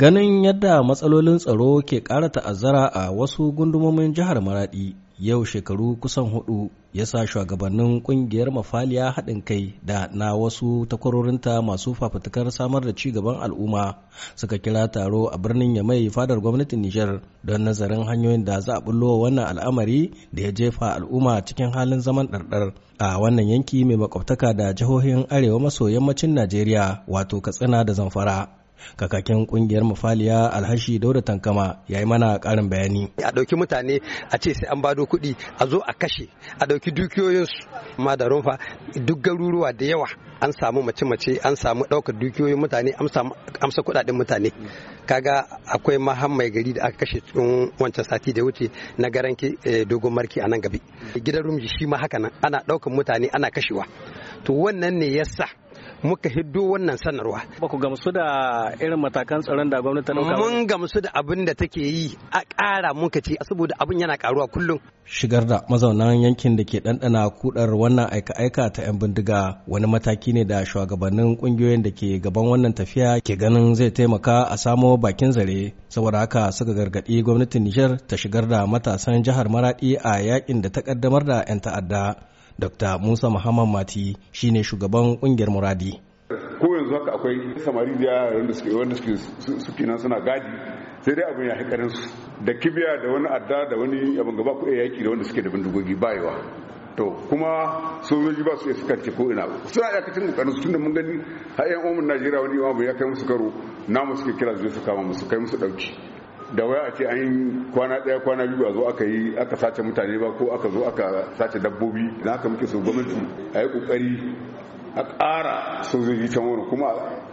Ganin yadda matsalolin tsaro ke ƙara ta'azzara a wasu gundumomin jihar Maradi yau shekaru kusan hudu ya sa shugabannin kungiyar mafaliya haɗin kai da na wasu takwarorinta masu fafutukar samar da cigaban al'umma suka kira taro a birnin Yamai fadar gwamnatin Nijar don nazarin hanyoyin da za a bullo wannan al'amari da ya jefa al'umma cikin halin zaman ɗarɗar a wannan yanki mai makwabtaka da jihohin arewa maso yammacin Najeriya wato Katsina da Zamfara. kakakin kungiyar mafaliya alhashi dauda tankama ya yi mana karin bayani a dauki mutane a ce sai an bado kuɗi a zo a kashe a dauki dukiyoyinsu ma da rumfa duk garuruwa da yawa an samu mace-mace an samu ɗaukar dukiyoyin mutane amsa kuɗaɗen mutane kaga akwai mahan gari da aka kashe tun wancan sati da wuce na garan eh, dogon marki a nan gabi gidan rumji shi ma haka nan ana ɗaukar mutane ana kashewa to wannan ne yasa muka hiddo wannan sanarwa ba ku gamsu da irin matakan tsaron da gwamnati ta mun gamsu da abin da take yi a ƙara muka ci. saboda abin yana ƙaruwa kullum shigar da mazaunan yankin da ke ɗanɗana kuɗar wannan aika-aika ta 'yan bindiga wani mataki ne da shugabannin ƙungiyoyin da ke gaban wannan tafiya ke ganin zai taimaka a samo bakin zare saboda haka suka gargaɗi gwamnatin nijar ta shigar da matasan jihar maraɗi a yakin da ta ƙaddamar da 'yan ta'adda Dr. Musa Muhammad Mati shine shugaban kungiyar Muradi. Ko yanzu haka akwai samari da wanda suke wanda suke suke nan suna gadi sai dai abin ya haƙarin su da kibiya da wani adda da wani abin gaba ku iya yaki da wanda suke da bindigogi bayewa. to kuma sojoji ba su iya fuskance ko ina suna iyakacin kokarin su tunda mun gani har yan umar najeriya wani imamu ya kai musu karo namu suke kira su kama musu kai musu ɗauki. da waya a ce an yi kwana daya kwana biyu a zo aka yi aka sace mutane ba ko aka zo aka sace dabbobi na aka muke so gwamnati a yi kokari a ƙara sojoji can wani kuma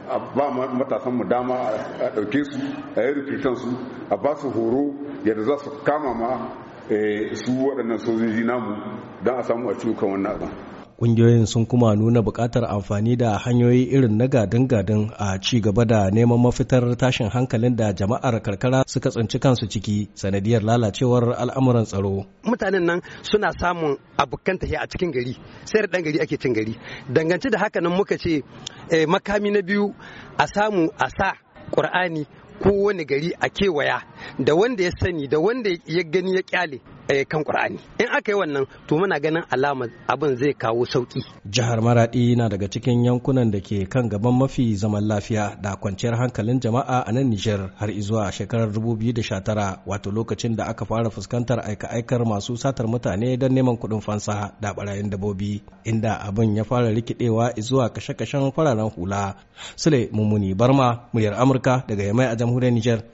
a ba matasan mu dama a ɗauke su a yi rikirtan su a ba su horo yadda za su kama ma eh, su waɗannan sojoji namu don a samu a cikin wannan abin kungiyoyin sun kuma nuna buƙatar amfani da hanyoyi irin na gadin-gadin a ci gaba da neman mafitar tashin hankalin da jama'ar karkara suka tsinci kansu ciki sanadiyar lalacewar al'amuran tsaro mutanen nan suna samun abokan tafiya a cikin gari sai da ɗan gari ake cin gari dangance da haka nan muka ce eh, makami na biyu a samu a sa ƙur'ani ko wani gari a kewaya da wanda ya sani da wanda ya gani ya kyale eh, kan Qur'ani in aka yi wannan to muna ganin alama abin zai kawo sauki jihar Maradi na daga cikin yankunan da ke kan gaban mafi zaman lafiya da kwanciyar hankalin jama'a a nan Nijar har zuwa shekarar da 2019 wato lokacin da aka fara fuskantar aika-aikar masu satar mutane don neman kuɗin fansa da barayin dabobi inda abin ya fara rikidewa zuwa kashe-kashen fararen hula Sule Mummuni Barma muryar Amurka daga Yamai a jamhuriyar Nijar